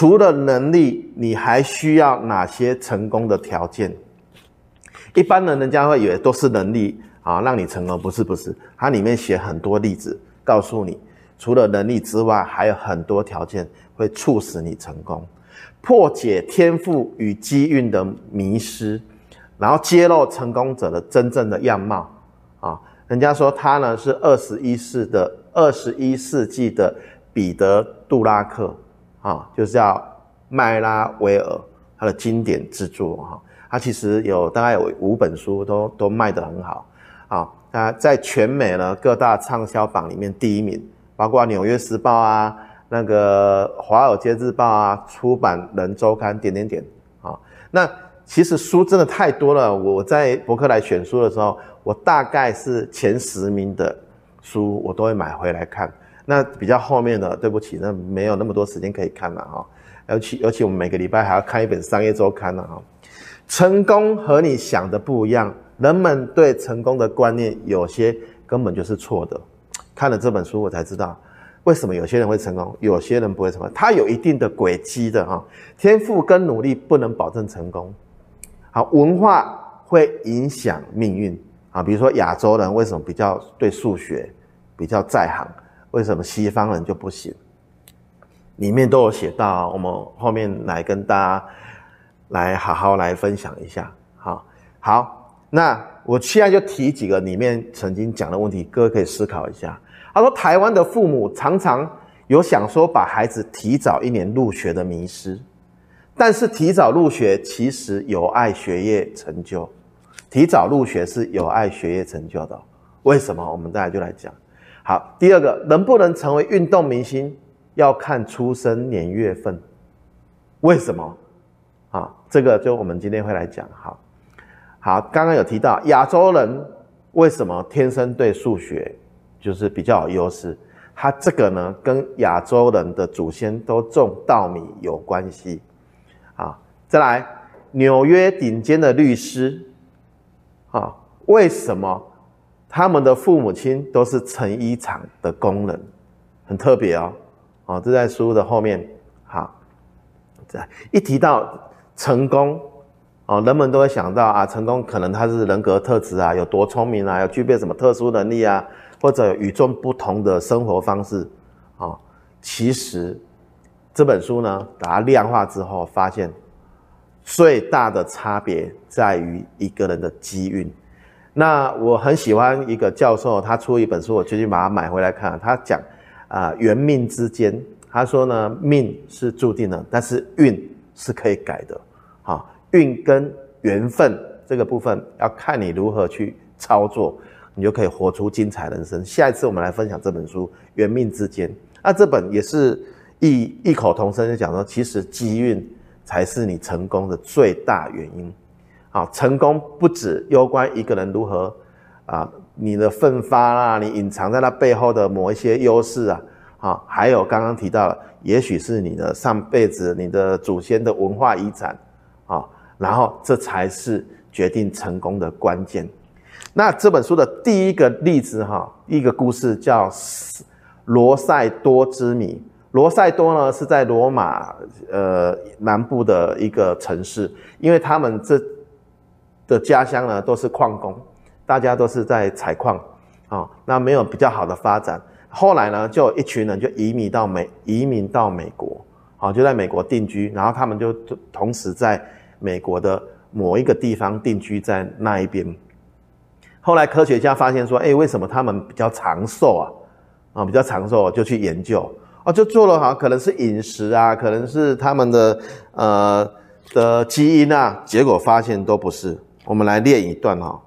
除了能力，你還需要哪些成功的條件？一般人人家會以為都是能力啊，讓你成功。不是，不是，它裡面寫很多例子，告訴你除了能力之外，還有很多條件會促使你成功，破解天賦與機運的迷思，然後揭露成功者的真正的樣貌啊。人家說他呢是二十一世的二十一世紀的彼得·杜拉克。啊、哦，就是叫麥拉維爾，他的經典之作哈，他、哦、其實有大概有五本書都都賣得很好，啊、哦，那在全美呢各大暢銷榜裡面第一名，包括《紐約時報》啊、那個《華爾街日報》啊、《出版人周刊》點點點，啊、哦，那其實書真的太多了，我在伯克萊選書的時候，我大概是前十名的書我都會買回來看。那比較後面的，對不起，那沒有那麼多時間可以看了哈。尤其，尤其我們每個禮拜還要看一本《商業周刊》了哈。成功和你想的不一樣，人們對成功的觀念有些根本就是錯的。看了這本書，我才知道為什麼有些人會成功，有些人不會成功。他有一定的軌跡的哈。天賦跟努力不能保證成功。好，文化會影響命運啊。比如說亞洲人為什麼比較對數學比較在行？為什麼西方人就不行？裡面都有寫到，我們後面來跟大家來好好來分享一下。好，好，那我現在就提幾個裡面曾經講的問題，各位可以思考一下。他說，台灣的父母常常有想說把孩子提早一年入學的迷思，但是提早入學其實有礙學業成就。提早入學是有礙學業成就的，為什麼？我們大家就來講。好，第二個能不能成為運動明星，要看出生年月份，為什麼？啊、哦，這個就我們今天會來講。好，好，剛剛有提到亞洲人為什麼天生對數學就是比較有優勢，他這個呢跟亞洲人的祖先都種稻米有關係。啊，再來，紐約頂尖的律師，啊、哦，為什麼？他們的父母親都是成衣廠的工人，很特別哦。哦，這在書的後面。好，這一提到成功，哦，人們都會想到啊，成功可能他是人格特質啊，有多聰明啊，要具備什麼特殊能力啊，或者有與眾不同的生活方式啊、哦。其實這本書呢，把它量化之後，發現最大的差別在於一個人的機運。那我很喜歡一個教授，他出一本書，我決定把它買回來看。他講，啊，緣命之間，他說呢，命是注定的，但是運是可以改的。啊，運跟緣分這個部分要看你如何去操作，你就可以活出精彩人生。下一次我們來分享這本書《緣命之間》。那這本也是一異口同聲就講說，其實機運才是你成功的最大原因。啊，成功不止，攸關一個人如何，啊，你的奮發啦、啊，你隱藏在那背後的某一些優勢啊，啊，還有剛剛提到了，也許是你的上輩子、你的祖先的文化遺產，啊，然後這才是決定成功的關鍵。那這本書的第一個例子哈，一個故事叫《羅塞多之謎》。羅塞多呢是在羅馬呃南部的一個城市，因為他們這。的家鄉呢都是礦工，大家都是在採礦，啊，那沒有比較好的發展。後來呢，就一群人就移民到美，移民到美國，啊，就在美國定居。然後他們就同同時在美國的某一個地方定居在那一邊。後來科學家發現說，哎，為什麼他們比較長壽啊？啊，比較長壽就去研究，啊，就做了哈，可能是飲食啊，可能是他們的呃的基因啊，結果發現都不是。我們來練一段哈，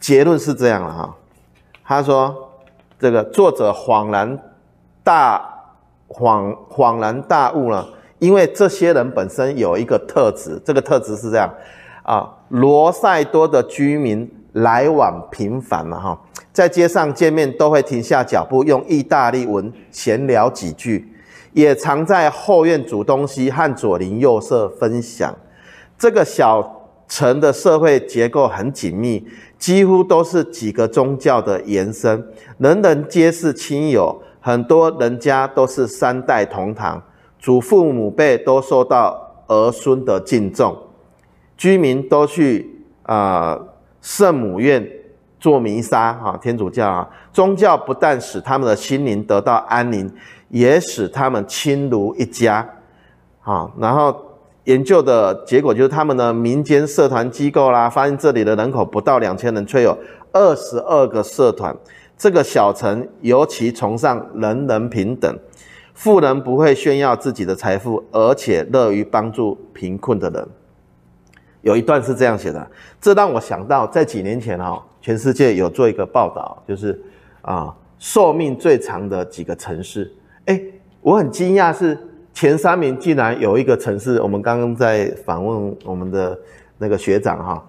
結論是這樣了哈。他說：“這個作者恍然大恍恍然大悟了，因為這些人本身有一個特質，這個特質是這樣啊。羅塞多的居民來往頻繁了哈，在街上見面都會停下腳步，用意大利文閒聊幾句，也常在後院煮東西，和左鄰右舍分享這個小。”城的社會結構很緊密，幾乎都是幾個宗教的延伸，人人皆是親友，很多人家都是三代同堂，祖父母輩都受到兒孫的敬重，居民都去啊、呃、聖母院做彌撒哈，天主教啊，宗教不但使他們的心靈得到安寧，也使他們親如一家，好，然後。研究的結果就是，他們的民間社團機構啦，發現這裡的人口不到兩千人，卻有二十二個社團。這個小城尤其崇尚人人平等，富人不會炫耀自己的財富，而且樂於幫助貧困的人。有一段是這樣寫的，這讓我想到，在幾年前啊、哦，全世界有做一個報道，就是啊，壽命最長的幾個城市，誒，我很驚訝是。前三名竟然有一個城市，我們剛剛在訪問我們的那個學長哈，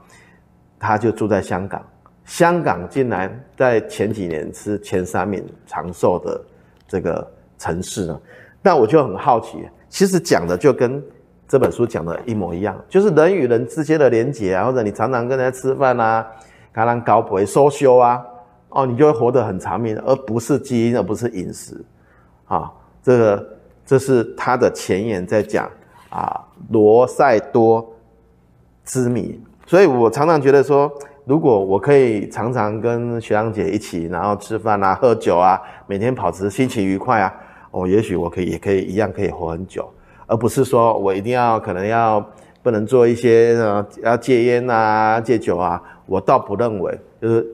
他就住在香港。香港竟然在前幾年是前三名長壽的這個城市呢？那我就很好奇，其實講的就跟這本書講的一模一樣，就是人與人之間的連結啊，或者你常常跟人家吃飯啊，跟人高軌 s o 啊，哦，你就會活得很長命，而不是基因，而不是飲食啊，這個。這是他的前言在講啊，羅塞多之謎。所以我常常覺得說，如果我可以常常跟學長姐一起，然後吃飯啊、喝酒啊，每天保持心情愉快啊，我、哦、也許我可以也可以一樣可以活很久，而不是說我一定要可能要不能做一些啊，要戒菸啊、戒酒啊。我倒不認為，就是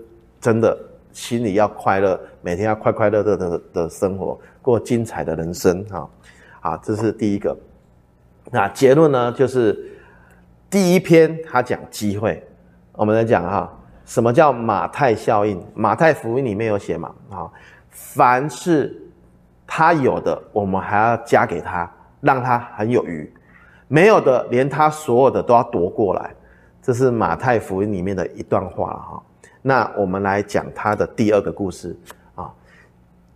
真的心裡要快樂，每天要快快樂樂的的生活，過精彩的人生啊。好，這是第一個。那結論呢？就是第一篇他講機會，我們來講哈，什麼叫馬太效應？馬太福音裡面有寫嘛？哈，凡是他有的，我們還要加給他，讓他很有餘；沒有的，連他所有的都要奪過來。這是馬太福音裡面的一段話哈。那我們來講他的第二個故事。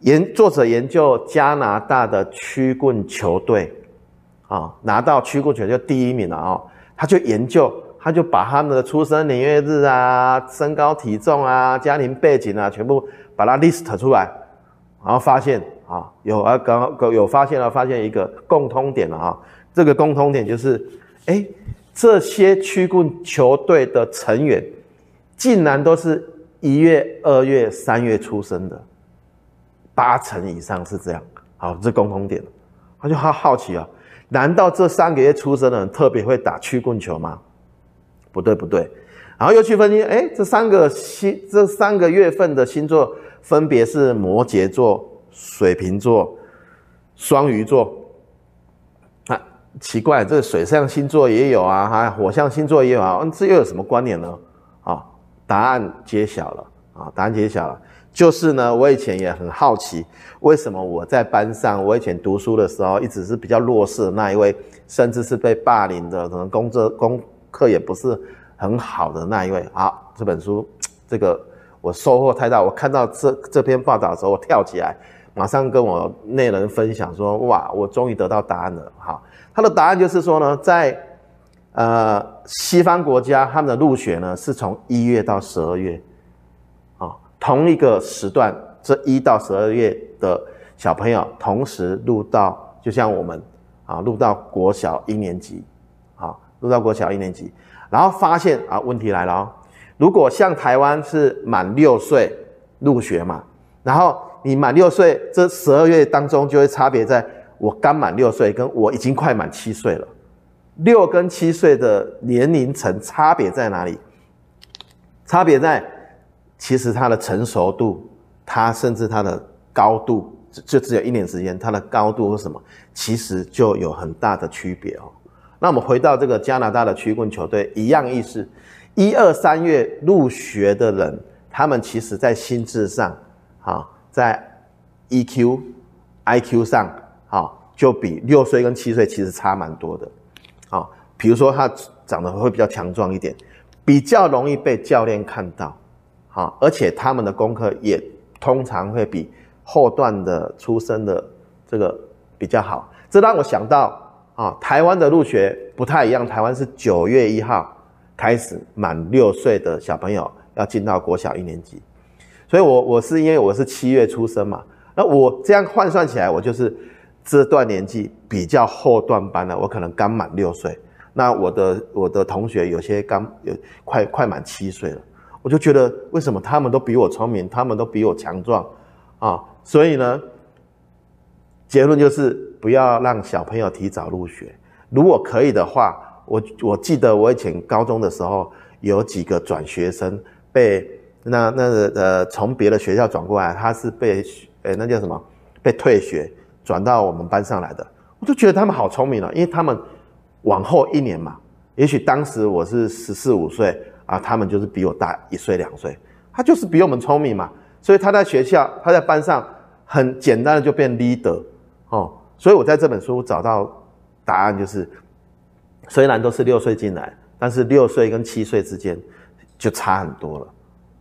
研作者研究加拿大的曲棍球隊，啊，拿到曲棍球就第一名了哦。他就研究，他就把他們的出生年月日啊、身高體重啊、家庭背景啊，全部把它 list 出來，然後發現啊，有啊，剛剛有發現了，發現一個共通點了啊。這個共通點就是，哎、欸，這些曲棍球隊的成員竟然都是一月、二月、三月出生的。八成以上是這樣，好，這共同點，他就好好奇啊，難道這三個月出生的人特別會打曲棍球嗎？不對不對，然後又去分析，哎，這三個星這三個月份的星座分別是摩羯座、水瓶座、雙魚座，啊，奇怪，這水象星座也有啊，哈，火象星座也有啊，這又有什麼關聯呢？啊，答案揭曉了啊，答案揭曉了。就是呢，我以前也很好奇，為什麼我在班上，我以前讀書的時候，一直是比較弱勢的那一位，甚至是被霸凌的，可能工作功課也不是很好的那一位。好，這本書，這個我收穫太大。我看到這這篇報道的時候，我跳起來，馬上跟我內人分享說：“哇，我終於得到答案了！”好，他的答案就是說呢，在呃西方國家，他們的入學呢是從一月到十二月。同一個時段，這一到十二月的小朋友同時入到，就像我們啊，入到國小一年級，啊，入到國小一年級，然後發現啊，問題來了哦。如果像台灣是滿六歲入學嘛，然後你滿六歲，這十二月當中就會差別在我剛滿六歲跟我已經快滿七歲了，六跟七歲的年齡層差別在哪裡？差別在。其實他的成熟度，他甚至他的高度，就只有一年時間，他的高度或什麼，其實就有很大的區別哦。那我們回到這個加拿大的曲棍球隊，一樣意思，一二三月入學的人，他們其實在心智上，啊，在 EQ、IQ 上，啊，就比六歲跟七歲其實差蠻多的，啊，比如說他長得會比較強壯一點，比較容易被教練看到。啊，而且他們的功課也通常會比後段的出生的這個比較好，這讓我想到啊，台灣的入學不太一樣，台灣是九月一號開始滿六歲的小朋友要進到國小一年級，所以我我是因為我是七月出生嘛，那我這樣換算起來，我就是這段年紀比較後段班了，我可能剛滿六歲，那我的我的同學有些剛有快快滿七歲了。我就覺得，為什麼他們都比我聰明，他們都比我強壯，啊、哦，所以呢，結論就是不要讓小朋友提早入學。如果可以的話，我我記得我以前高中的時候，有幾個轉學生被那那的呃從別的學校轉過來，他是被呃那叫什麼被退學轉到我們班上來的，我就覺得他們好聰明了、哦，因為他們往後一年嘛，也許當時我是十四五歲。啊，他們就是比我大一歲兩歲，他就是比我們聰明嘛，所以他在學校，他在班上很簡單的就變 leader 哦，所以我在這本書找到答案就是，雖然都是六歲進來，但是六歲跟七歲之間就差很多了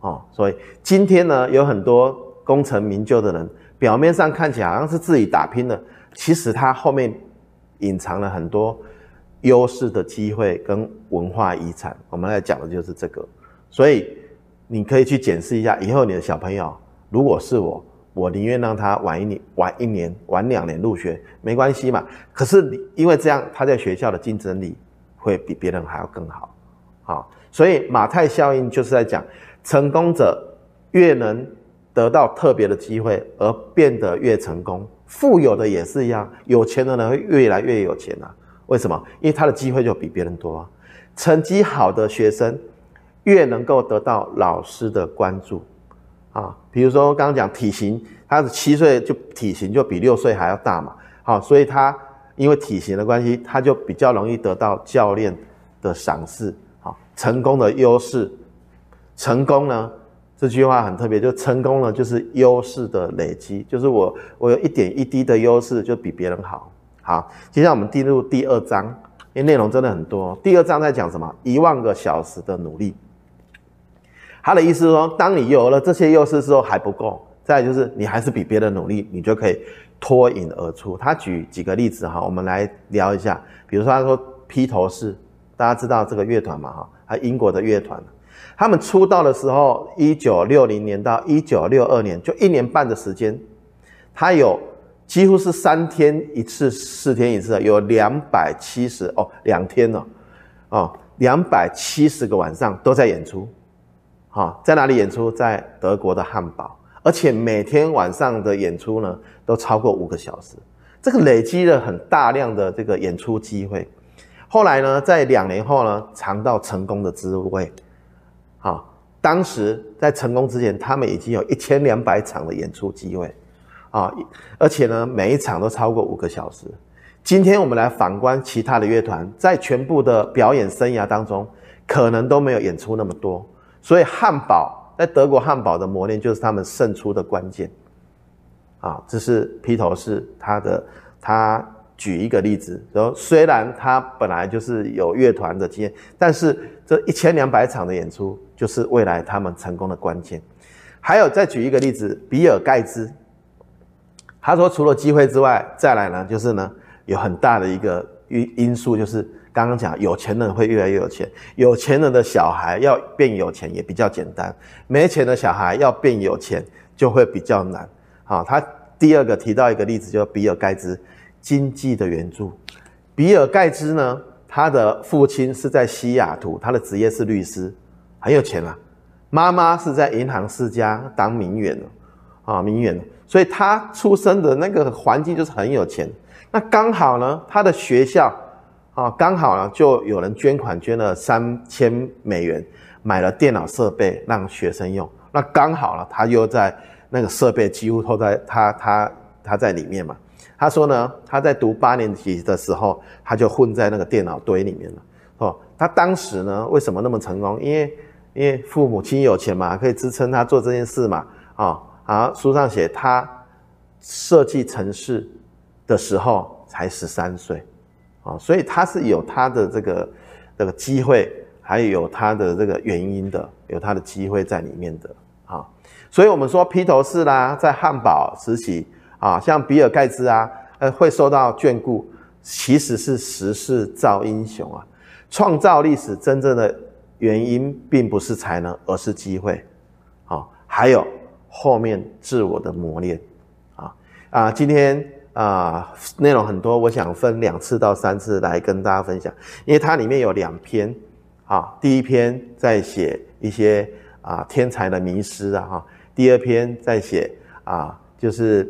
哦，所以今天呢，有很多功成名就的人，表面上看起來好像是自己打拼的，其實他後面隱藏了很多。優勢的機會跟文化遺產，我們來講的就是這個，所以你可以去檢視一下。以後你的小朋友，如果是我，我寧願讓他晚一年、晚一年、晚兩年入學，沒關係嘛。可是你因為這樣，他在學校的競爭力會比別人還要更好。好，所以馬太效應就是在講，成功者越能得到特別的機會，而變得越成功。富有的也是一樣，有錢的人會越來越有錢啊。為什麼？因為他的機會就比別人多啊。成績好的學生，越能夠得到老師的關注啊。比如說，剛剛講體型，他是七歲就體型就比六歲還要大嘛，好，所以他因為體型的關係，他就比較容易得到教練的賞識。好，成功的優勢，成功呢？這句話很特別，就成功了就是優勢的累積，就是我我有一點一滴的優勢就比別人好。好，接下來我們進入第二章，因為內容真的很多。第二章在講什麼？一萬個小時的努力。他的意思是說，當你有了這些優勢之後還不夠，再來就是你還是比別人努力，你就可以脫穎而出。他舉幾個例子哈，我們來聊一下。比如說，他說披頭士，大家知道這個樂團嘛哈，還有英國的樂團，他們出道的時候，一九六零年到一九六二年，就一年半的時間，他有。幾乎是三天一次，四天一次，有兩百七十哦，兩天呢，哦，哦，兩百七十個晚上都在演出，好，哦，在哪裡演出？在德國的漢堡，而且每天晚上的演出呢都超過五個小時，這個累積了很大量的這個演出機會。後來呢，在兩年後呢嘗到成功的滋味，好，哦，當時在成功之前，他們已經有一千兩百場的演出機會。啊、哦，而且呢，每一場都超過五個小時。今天我們來反觀其他的樂團，在全部的表演生涯當中，可能都沒有演出那麼多。所以漢堡在德國漢堡的磨練，就是他們勝出的關鍵。啊、哦，這是披頭士他的他舉一個例子，然、就、後、是、雖然他本來就是有樂團的經驗，但是這一千兩百場的演出，就是未來他們成功的關鍵。還有再舉一個例子，比爾蓋茨。他說：“除了機會之外，再來呢，就是呢，有很大的一個因因素，就是剛剛講，有錢人會越來越有錢，有錢人的小孩要變有錢也比較簡單，沒錢的小孩要變有錢就會比較難。哦”好，他第二個提到一個例子，就是比爾蓋茨，經濟的援助。比爾蓋茨呢，他的父親是在西雅圖，他的職業是律師，很有錢啊。媽媽是在銀行世家當名媛啊，名、哦、媛所以他出生的那個環境就是很有錢，那剛好呢，他的學校啊，剛好呢，就有人捐款，捐了三千美元，買了電腦設備讓學生用。那剛好呢，他又在那個設備幾乎都在他他他在裡面嘛。他說呢，他在讀八年級的時候，他就混在那個電腦堆裡面了。哦，他當時呢，為什麼那麼成功？因為因為父母親有錢嘛，可以支撐他做這件事嘛，啊、哦。啊，書上寫他設計程式的時候才十三歲，啊，所以他是有他的這個這個機會，還有他的這個原因的，有他的機會在裡面的啊。所以，我們說披頭士啦，在漢堡時期啊，像比爾蓋茨啊，呃，會受到眷顧，其實是時勢造英雄啊。創造歷史真正的原因，並不是才能，而是機會啊。還有。後面自我的磨練啊，啊啊，今天啊、呃、內容很多，我想分兩次到三次來跟大家分享，因為它裡面有兩篇啊，第一篇在寫一些啊天才的迷思啊哈、啊，第二篇在寫啊就是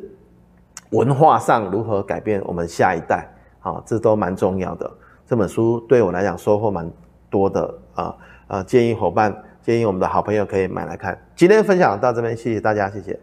文化上如何改變我們下一代，啊，這都蠻重要的。這本書對我來講收穫蠻多的啊啊，建議夥伴。建議我們的好朋友可以買來看。今天分享到這邊，謝謝大家，謝謝。